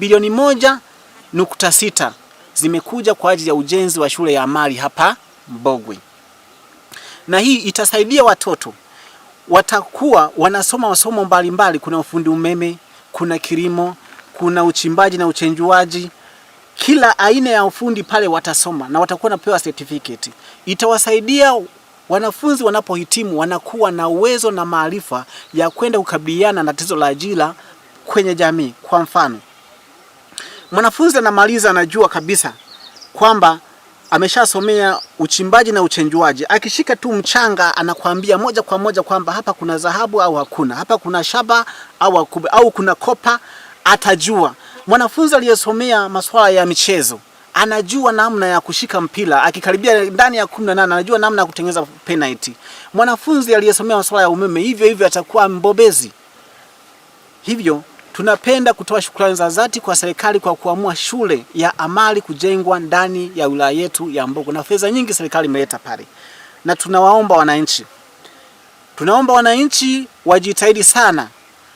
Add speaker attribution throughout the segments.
Speaker 1: bilioni moja nukta sita zimekuja kwa ajili ya ujenzi wa shule ya amali hapa Mbogwe, na hii itasaidia watoto watakuwa wanasoma masomo mbalimbali. Kuna ufundi umeme, kuna kilimo, kuna uchimbaji na uchenjuaji, kila aina ya ufundi pale watasoma na watakuwa napewa certificate. Itawasaidia wanafunzi wanapohitimu, wanakuwa na uwezo na maarifa ya kwenda kukabiliana na tatizo la ajira kwenye jamii. Kwa mfano Mwanafunzi anamaliza anajua kabisa kwamba ameshasomea uchimbaji na uchenjuaji. Akishika tu mchanga, anakwambia moja kwa moja kwamba hapa kuna dhahabu au hakuna, hapa kuna shaba au hakuna, au kuna kopa, atajua. Mwanafunzi aliyesomea masuala ya michezo anajua namna ya kushika mpira akikaribia ndani ya 18 anajua namna ya kutengeneza penalty. Mwanafunzi aliyesomea masuala ya umeme hivyo hivyo atakuwa mbobezi. Hivyo Tunapenda kutoa shukrani za dhati kwa serikali kwa kuamua shule ya amali kujengwa ndani ya wilaya yetu ya Mbogo, na fedha nyingi serikali imeleta pale, na tunawaomba wananchi, tunaomba wananchi wajitahidi sana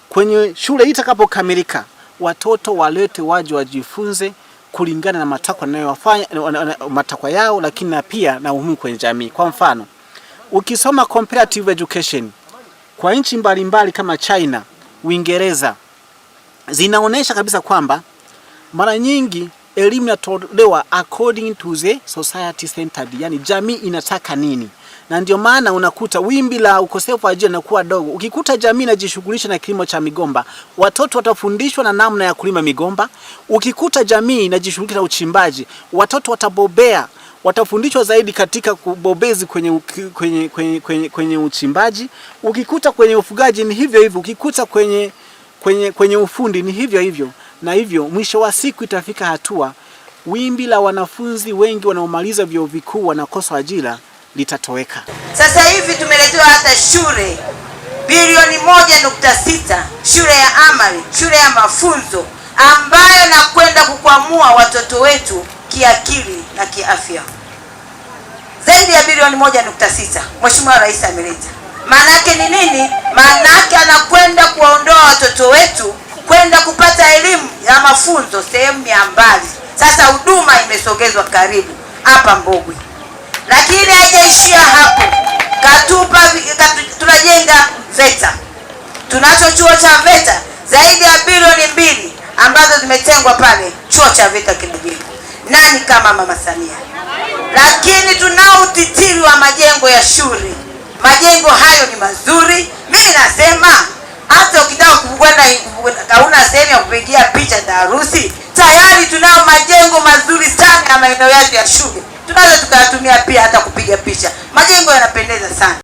Speaker 1: kwenye shule hii itakapokamilika, watoto walete waje wajifunze kulingana na matakwa yanayowafanya matakwa yao, lakini na pia na umuhimu kwenye jamii. Kwa mfano, ukisoma comparative education kwa nchi mbalimbali kama China, Uingereza zinaonyesha kabisa kwamba mara nyingi elimu inatolewa according to the society centered, yani jamii inataka nini, na ndio maana unakuta wimbi la ukosefu wa ajira linakuwa dogo. Ukikuta jamii inajishughulisha na kilimo cha migomba, watoto watafundishwa na namna ya kulima migomba. Ukikuta jamii inajishughulisha na uchimbaji, watoto watabobea watafundishwa zaidi katika kubobezi kwenye, kwenye, kwenye, kwenye, kwenye uchimbaji. Ukikuta kwenye ufugaji ni hivyo hivyo, ukikuta kwenye kwenye, kwenye ufundi ni hivyo hivyo, na hivyo mwisho wa siku itafika hatua wimbi la wanafunzi wengi wanaomaliza vyuo vikuu wanakosa ajira litatoweka.
Speaker 2: Sasa hivi tumeletewa hata shule bilioni moja nukta sita shule ya amali, shule ya mafunzo ambayo nakwenda kukwamua watoto wetu kiakili na kiafya zaidi ya bilioni moja nukta sita Mheshimiwa Rais ameleta. Maana yake ni nini? yake anakwenda kuwaondoa watoto wetu kwenda kupata elimu ya mafunzo sehemu ya mbali. Sasa huduma imesogezwa karibu hapa Mbogwe, lakini haijaishia hapo. Katupa katu, tunajenga VETA, tunacho chuo cha VETA zaidi ya bilioni mbili ambazo zimetengwa pale chuo cha VETA Kimijini. Nani kama mama Samia? Lakini tunao utitiri wa majengo ya shule. Majengo hayo ni mazuri mimi nasema hata ukitaka kwenda kauna sehemu ya kupigia picha za harusi, tayari tunayo majengo mazuri sana ya maeneo yetu ya shule, tunaweza tukayatumia pia hata kupiga picha. Majengo yanapendeza sana.